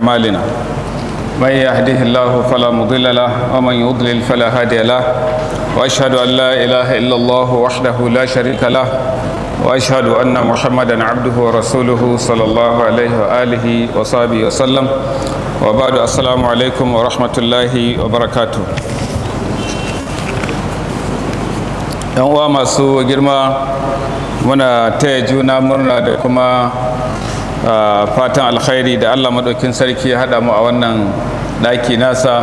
أعمالنا من يهده الله فلا مضل له ومن يضلل فلا هادي له وأشهد أن لا إله إلا الله وحده لا شريك له وأشهد أن محمدا عبده ورسوله صلى الله عليه وآله وصحبه وسلم وبعد السلام عليكم ورحمة الله وبركاته yan uwa masu girma muna taya juna murna da kuma Ah, fatan alkhairi da allah maɗaukin sarki ya haɗa mu a wannan ɗaki nasa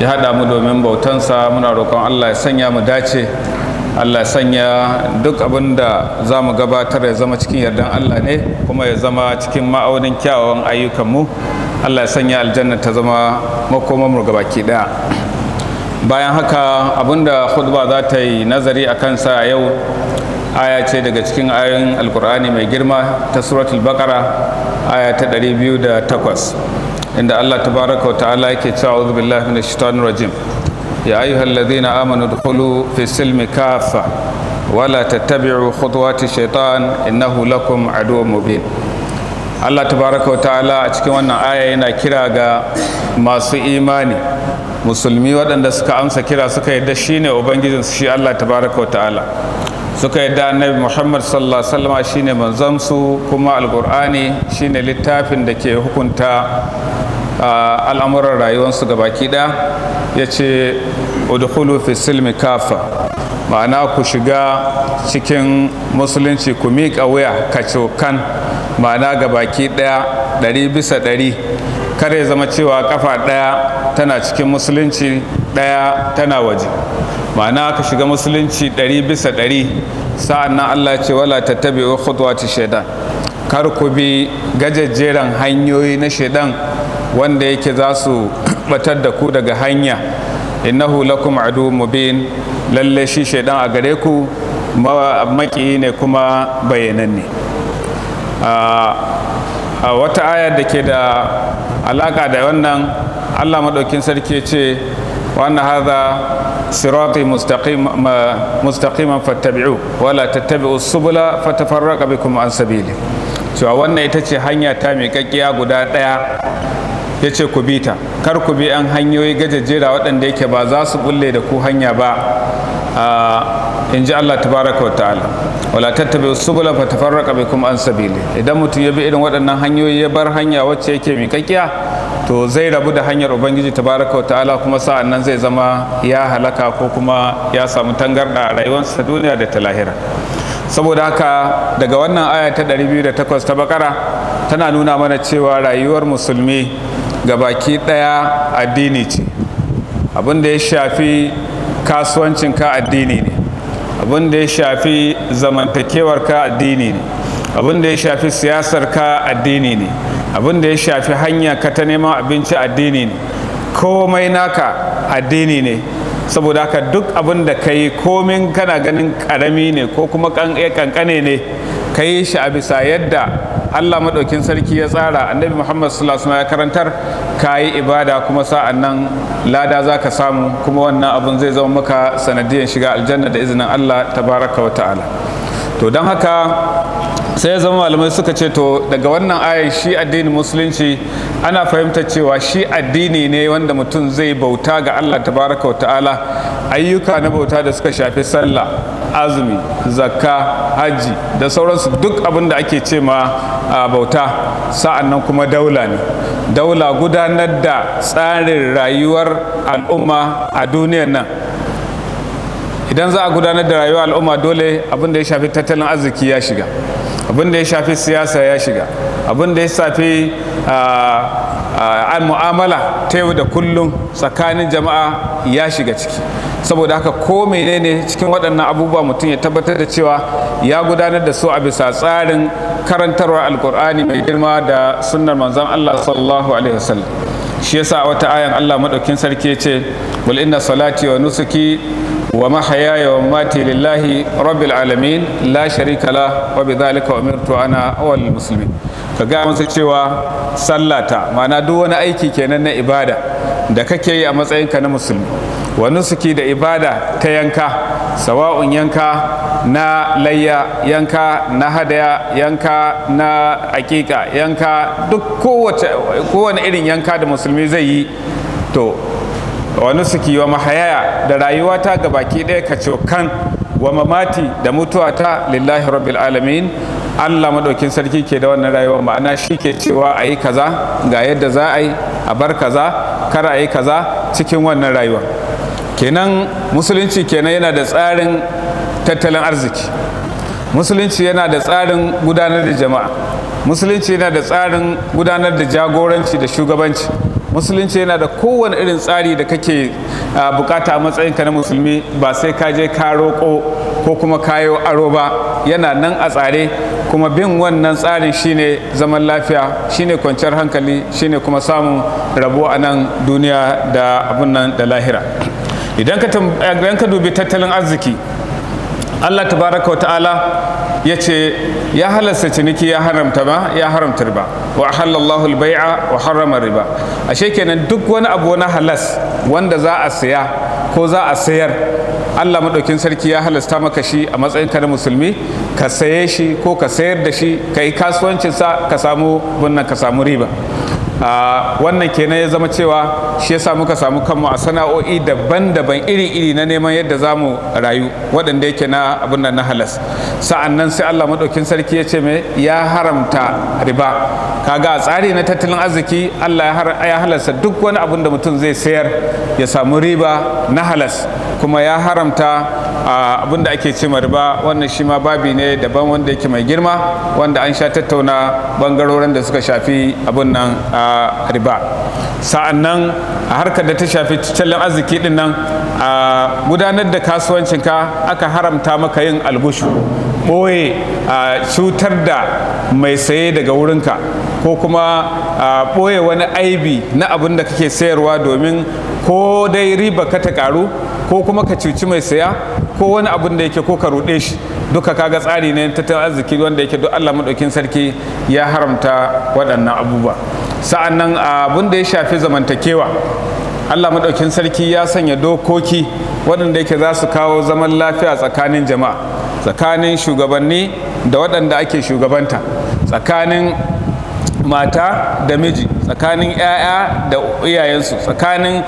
ya haɗa mu domin bautansa muna roƙon allah ya sanya mu dace allah ya sanya duk abin da za mu gabatar ya zama cikin yardan allah ne kuma ya zama cikin ma'aunin kyawawan ayyukanmu allah ya sanya aljanna ta zama makomanmu gabaki ɗaya bayan haka abin da za ta yi nazari a kansa a yau aya ce daga cikin ayoyin alkur'ani mai girma ta suratul baqara aya ta 208 inda Allah tabaraka wa ta'ala yake cewa a'udhu billahi minash shaitanir rajim ya ayyuhalladhina amanu dukhulu fi silmi kafa wala tattabi'u khutuwati shaitan innahu lakum aduwwun mubin Allah tabaraka wa ta'ala a cikin wannan aya yana kira ga masu imani musulmi waɗanda suka amsa kira suka yarda shine ubangijinsu shi Allah tabaraka wa ta'ala suka yadda annabi muhammad sallallahu alaihi wasallam shine manzansu kuma alkur'ani shine littafin da ke hukunta al'amuran rayuwarsu ga baki ɗaya ya ce udhulu fi silmi kafa ma'ana ku shiga cikin musulunci ku miƙa wuya kacokan ma'ana ga baki ɗaya ɗari bisa ɗari kar ya zama cewa kafa ɗaya tana cikin musulunci ɗaya tana waje ma'ana ka shiga musulunci ɗari bisa ɗari sa'an nan allah ce wala ta tabi wa ta shaidan kar ku bi gajejjeren hanyoyi na shaidan wanda yake za su batar da ku daga hanya innahu lakum adu mubin lalle shi shaidan a gare ku maki ne kuma bayanan ne. a wata ayar da ke da alaka da wannan allah maɗaukin sarki ce wannan haza sirati mustaqiman fattabi'u wala tattabi'u subula fatafarraqa bikum an sabili cewa wannan ita ce hanya ta miƙaƙƙiya guda ɗaya yace ku bi ta kar ku bi an hanyoyi gajejjera waɗanda yake ba za su bulle da ku hanya ba in ji allah tabaraka wa ta'ala wala tattabe subula fa tafarraqa bikum an sabili idan mutum ya bi irin waɗannan hanyoyi ya bar hanya wacce yake miƙaƙiya to zai rabu da hanyar ubangiji tabaraka wa ta'ala kuma sa'an nan zai zama ya halaka ko kuma ya samu tangarɗa a rayuwarsa duniya da ta lahira saboda haka daga wannan aya ta 208 ta bakara tana nuna mana cewa rayuwar musulmi ga baki ɗaya addini ce abin da ya shafi kasuwancin ka addini ne abin da ya shafi zamantakewar ka addini ne abin da ya shafi siyasar ka addini ne abin da ya shafi hanya ka ta neman abinci addini ne komai naka addini ne saboda haka duk abin da ka yi komin kana ganin karami ne ko kuma kankane eh, ne ka yi shi a bisa yadda allah maɗaukin sarki ya tsara annabi muhammad sallallahu ya karantar ka yi ibada kuma sa'an nan lada za ka samu kuma wannan abun zai zama maka sanadiyar shiga aljanna da izinin allah tabaraka wa ta'ala to don haka sai zama malamai suka ce to daga wannan ayar shi addini musulunci ana fahimtar cewa shi addini ne wanda mutum zai bauta ga Allah tabaraka wa ta'ala ayyuka na bauta da suka shafi sallah azumi zakka hajji da sauransu duk abin da ake ce ma bauta sa'an nan kuma daula ne daula gudanar da tsarin rayuwar al'umma a duniyar nan idan za a gudanar da rayuwar al'umma dole abin da ya shafi tattalin arziki ya shiga abin da ya shafi siyasa ya shiga abin da ya shafi ah, ah, mu'amala ta yau da kullum tsakanin jama'a ya shiga ciki saboda haka ko menene cikin waɗannan abubuwa mutum ya tabbatar da cewa ya gudanar da su a bisa tsarin karantarwar alkur'ani mai girma da sunnar manzan Allah sallallahu alaihi wasallam shi yasa wata ayan Allah maɗaukin sarki ya ce wal inna salati wa nusuki ومحياي ومماتي لله رب العالمين لا شريك له وبذلك امرت انا اول kaga masa cewa sallata ma'ana duk wani aiki kenan na ibada da kake yi a matsayinka na musulmi wani suki da ibada ta yanka sawa'un yanka na layya yanka na hadaya yanka na akika yanka duk kowane irin yanka da musulmi zai yi to wani suke wa mahayaya da rayuwata ga baki ɗaya ka cokan wa mamati da mutuwa ta lillahi rabbil alamin Allah maɗaukin sarki ke da wannan rayuwa ma'ana shi ke cewa a yi kaza ga yadda za a yi a bar kaza kar a yi kaza cikin wannan rayuwa kenan musulunci kenan yana da tsarin tattalin arziki musulunci yana da tsarin gudanar da jama'a musulunci yana da tsarin gudanar da jagoranci da shugabanci musulunci yana da kowane irin tsari da kake ah, bukata a matsayinka na musulmi ba sai ka je ka roƙo ko kuma kayo aro ba yana nan a tsare kuma bin wannan tsarin shine zaman lafiya shine kwanciyar hankali shine kuma samun rabo a nan duniya da abun nan da lahira idan ka dubi tattalin arziki Allah tabaraka ta'ala ya ce ya halasta ciniki ya haramta ba ya haramta riba wa halallahu baia wa harrama riba ashe kenan duk wani abu na halas wanda za a siya ko za a sayar Allah maɗaukin sarki ya halasta maka shi a matsayinka na musulmi ka saye shi ko ka sayar da shi ka yi kasuwancinsa ka samu wannan ka samu riba wannan kenan ya zama cewa shi yasa muka samu kanmu a sana'o'i daban-daban iri-iri na neman yadda za mu rayu waɗanda yake na abin na halas sa'an sai allah maɗaukin sarki ya ce me ya haramta riba kaga a tsari na tattalin arziki allah ya halasta duk wani abin da mutum zai sayar ya samu riba na halas kuma ya haramta abin da ake ce riba wannan shi ma babi ne daban wanda yake mai girma wanda an sha tattauna bangarorin da suka shafi abin nan riba sa'an nan a harkar da ta shafi cikin arziki din nan a gudanar da kasuwancinka aka haramta maka yin albushu ɓoye a cutar da mai saye daga wurinka ko kuma ɓoye wani aibi na abin da kake sayarwa domin ko dai riba ka ta karu ko kuma ka cuci mai saya ko wani abin da yake ko ka ruɗe shi duka kaga tsari ne ta arziki wanda yake duk Allah maɗaukin sarki ya haramta waɗannan abubuwa sa'an nan abin da ya shafi zamantakewa Allah maɗaukin sarki ya sanya dokoki waɗanda yake za su kawo zaman lafiya tsakanin jama'a tsakanin shugabanni da waɗanda ake shugabanta tsakanin mata da miji tsakanin 'ya'ya da iyayensu tsakanin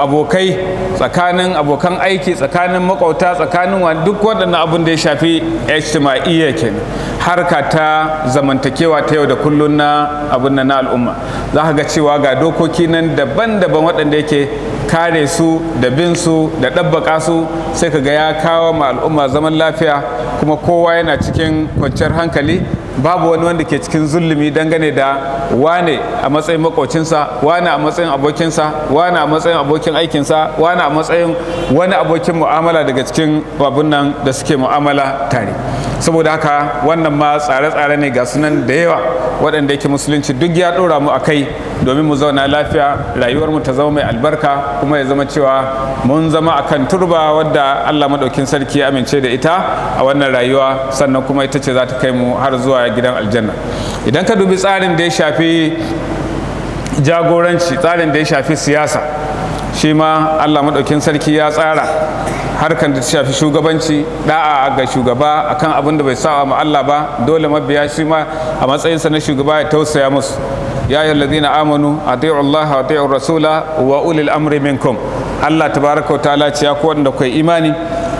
abokai tsakanin abokan aiki tsakanin makauta tsakanin wani duk waɗannan abin da ya shafi ya kenan harka ta zamantakewa ta yau da kullun na abin na al'umma za ka ga cewa ga dokoki nan daban-daban waɗanda yake kare su da bin su da ɗabbaka su sai ka ga ya kawo ma al'umma zaman lafiya kuma kowa yana cikin kwanciyar hankali babu wani wanda ke cikin zulumi dangane da wane a matsayin makocinsa wane a matsayin abokinsa wane a matsayin abokin aikinsa wane a matsayin wani abokin mu'amala daga cikin babun nan da suke mu'amala tare saboda haka wannan ma tsare-tsare ne ga sunan da yawa waɗanda yake musulunci duk ya ɗora mu a kai domin mu zauna lafiya rayuwar mu ta zama mai albarka kuma ya zama cewa mun zama a kan turba wadda Allah maɗaukin sarki ya amince da ita a wannan rayuwa sannan kuma ita ce za ta kai mu har zuwa gidan aljanna idan ka dubi tsarin da ya shafi jagoranci tsarin da ya shafi siyasa shi ma allah maɗaukin sarki ya tsara harkar da shafi shugabanci da'a ga shugaba akan abin da bai sa ma allah ba dole mabiya shi ma a matsayinsa na shugaba ya tausaya musu ya yi ladina amanu a Allah wa ta'u rasula wa ulil amri minkum allah ta baraka ta ce ya wanda kai imani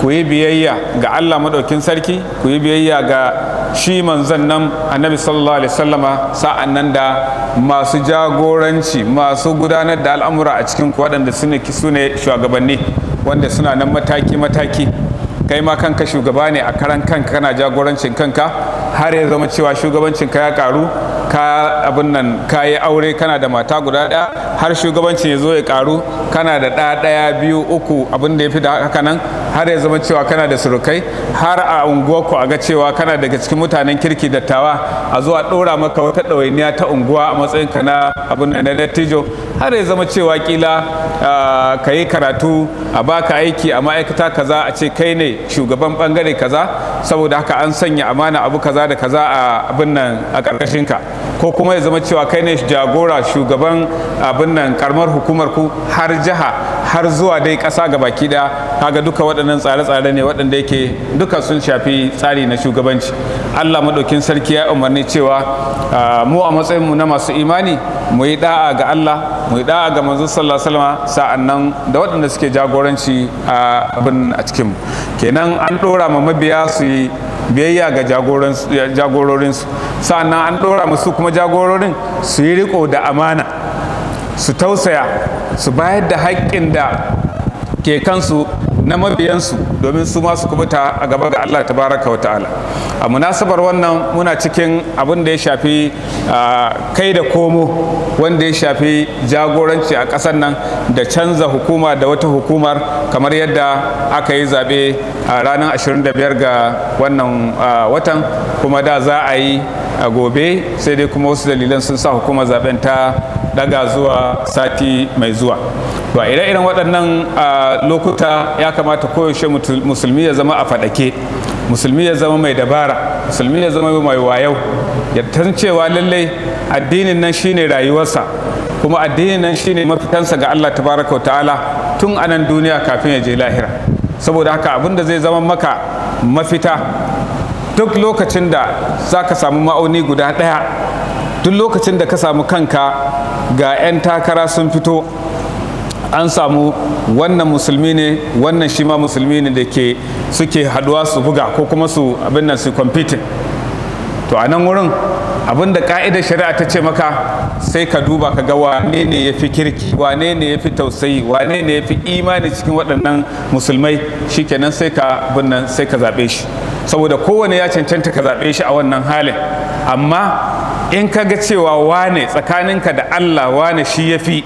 ku yi biyayya ga allah maɗaukin sarki ku yi biyayya ga shi manzan nan annabi sallallahu alaihi wasallama sa'an nan da masu jagoranci masu gudanar da al'amura a cikin waɗanda su ne shugabanni wanda suna nan mataki-mataki kai ma kanka shugaba ne a karan kanka kana jagorancin kanka har ya zama cewa shugabancin ka ya karu ka abin nan ka yi aure kana da mata guda ɗaya har shugabancin ya zo ya karu kana da ɗa ɗaya biyu uku abin da ya fi da haka nan har ya zama cewa kana da surukai har a unguwarku a ga cewa kana daga cikin mutanen kirki dattawa a zuwa ɗora maka wata ɗawainiya ta unguwa a matsayin ka na abin na dattijo har ya zama cewa kila ka yi karatu a baka aiki a ma'aikata kaza a ce kai ne shugaban bangare kaza saboda haka an sanya amana abu kaza da kaza a abin nan a ka. ko kuma ya zama cewa kai ne jagora shugaban abin nan karamar hukumar ku har jiha har zuwa dai kasa ga baki ɗaya kaga duka waɗannan tsare-tsare ne waɗanda yake duka sun shafi tsari na shugabanci allah maɗaukin sarki ya umarni cewa mu a matsayin mu na masu imani mu yi ɗa'a ga allah mu yi ɗa'a ga manzon sallallahu alaihi wasallam sa'an nan da waɗanda suke jagoranci a abin a cikin kenan an ɗora ma mabiya su yi biyayya ga jagororinsu sa'annan an ɗora musu kuma jagororin su yi riko da amana su tausaya su bayar da haƙƙin da ke kansu na mabiyansu domin su masu kubuta a gaba ga Allah ta baraka wa ta'ala a munasabar wannan muna cikin abin da ya shafi kai da komo wanda ya shafi jagoranci a ƙasar nan da canza hukuma da wata hukumar kamar yadda aka yi zaɓe a ranar 25 ga wannan watan kuma da za a yi a gobe sai dai kuma wasu dalilan sun sa hukumar zaben ta daga zuwa sati mai zuwa to ire-iren waɗannan lokuta ya kamata koyaushe musulmi ya zama a faɗake musulmi ya zama mai dabara musulmi ya zama mai wayau ya cewa lallai addinin nan shine rayuwarsa kuma addinin nan shine mafitansa ga Allah tabaraka ta'ala tun anan duniya kafin ya je lahira saboda haka abin da zai zama maka mafita duk lokacin da za ka samu ma'auni guda ɗaya duk lokacin da ka samu kanka ga 'yan takara sun fito an samu wannan musulmi ne wannan shi ma musulmi ne da ke suke haduwa su buga ko kuma su abin nan su kwamfitin to a nan wurin abin da ka'idar shari'a ta ce maka sai ka duba ka ga wane ne ya fi kirki wane ne ya fi tausayi wane ne ya fi imani cikin waɗannan musulmai shikenan sai ka nan sai ka zaɓe shi saboda kowane ya cancanta ka zaɓe shi a wannan halin amma in ka ga cewa wane tsakaninka da allah wane shi ya fi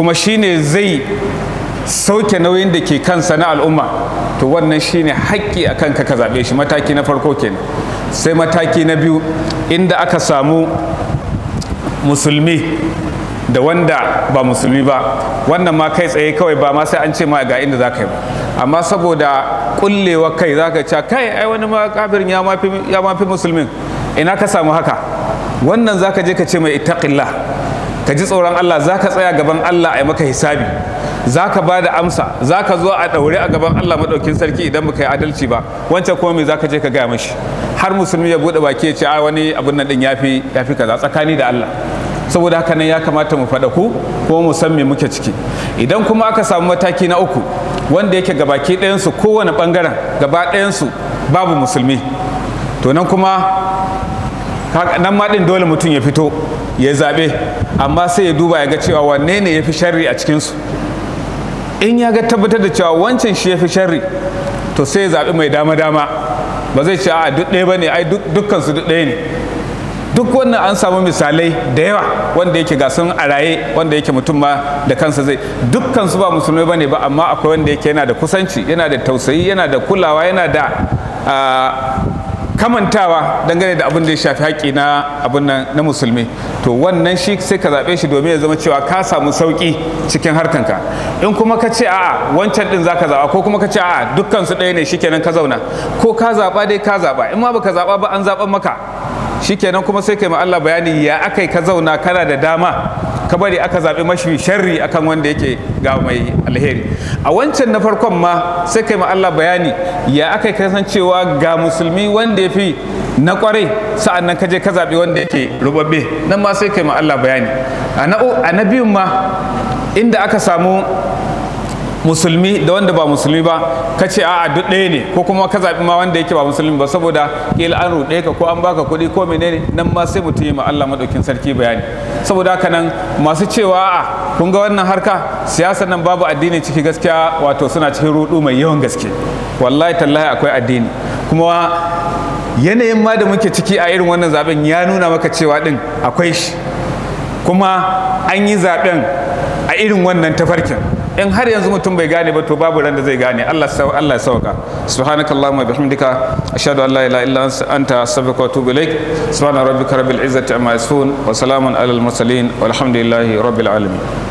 kuma shine zai sauke nauyin da ke kansa na al'umma to wannan shine haƙƙi a kanka ka zaɓe shi mataki na farko kenan sai mataki na biyu inda aka samu musulmi da wanda ba musulmi ba wannan ma kai tsaye kawai ba ma sai an ce ma ga inda za ka yi amma saboda kullewa kai za ka ce kai ai wani ma kafirin ya mafi musulmin ina ka samu haka wannan za ka je ka ce mai ittaqillah ka ji tsoron Allah za ka tsaya gaban Allah a maka hisabi za ka ba da amsa za ka zo a ɗaure a gaban Allah maɗaukin sarki idan ka yi adalci ba wancan kuma me za ka je ka gaya mashi har musulmi ya buɗe baki ya ce a wani abin nan ɗin ya fi kaza tsakani da Allah saboda haka nan ya kamata mu faɗa ku ko mu san me muke ciki idan kuma aka samu mataki na uku wanda yake gabaki ɗayansu kowane bangaren gaba ɗayansu babu musulmi to nan kuma nan ma ɗin dole mutum ya fito ya zaɓe amma sai ya duba ya ga cewa wanne ne ya fi sharri a cikinsu in ya ga tabbatar da cewa wancan shi ya fi sharri to sai ya zaɓi mai dama-dama ba zai ce a duk ɗaya ba ne ai dukkansu duk ɗaya ne duk wannan an samu misalai da yawa wanda yake ga sun a raye wanda yake mutum ma da kansa zai dukkan su ba musulmai ne ba amma akwai wanda yake yana da kusanci yana da tausayi yana da kulawa yana da ah, kamantawa dangane da abin da ya shafi haƙƙi na abin na musulmi to wannan shi sai ka zaɓe shi domin ya zama cewa ka samu sauƙi cikin harkanka in kuma ka ce a'a wancan ɗin za ka zaɓa ko kuma ka ce a'a dukkan su ɗaya ne shikenan ka zauna ko ka zaɓa dai ka zaɓa in ma baka zaɓa ba an zaɓan maka shikenan kuma sai kai ma Allah bayani ya aka akai ka zauna kana da dama ka bari aka zaɓi mashi sharri akan wanda yake ga mai alheri a wancan na farkon ma sai kai ma Allah bayani ya aka kasancewa ga musulmi wanda ya fi na kwarai sa'an nan kaje ka zaɓi wanda yake rubabbe nan ma sai kai ma Allah bayani a na biyun ma inda aka samu musulmi da wanda ba musulmi ba ka ce a'a duk ɗaya ne ko kuma ka zaɓi ma wanda yake ba musulmi ba saboda kila an ruɗe ka ko an baka kuɗi ko menene nan ma sai mutum yi ma Allah maɗaukin sarki bayani saboda haka nan masu cewa a kun ga wannan harka siyasa nan babu addini ciki gaskiya wato suna cikin ruɗu mai yawan gaske wallahi tallahi akwai addini kuma yanayin ma da muke ciki a irin wannan zaben ya nuna maka cewa din akwai shi kuma an yi zaben a irin wannan tafarkin in har yanzu mutum bai gane ba to babu ran da zai gane Allah Allah ya sauka subhanakallahumma bihamdika ashhadu an la ilaha illa anta astaghfiruka wa atubu ilaik subhana rabbika rabbil izzati amma yasifun wa salamun alal mursalin walhamdulillahi rabbil alamin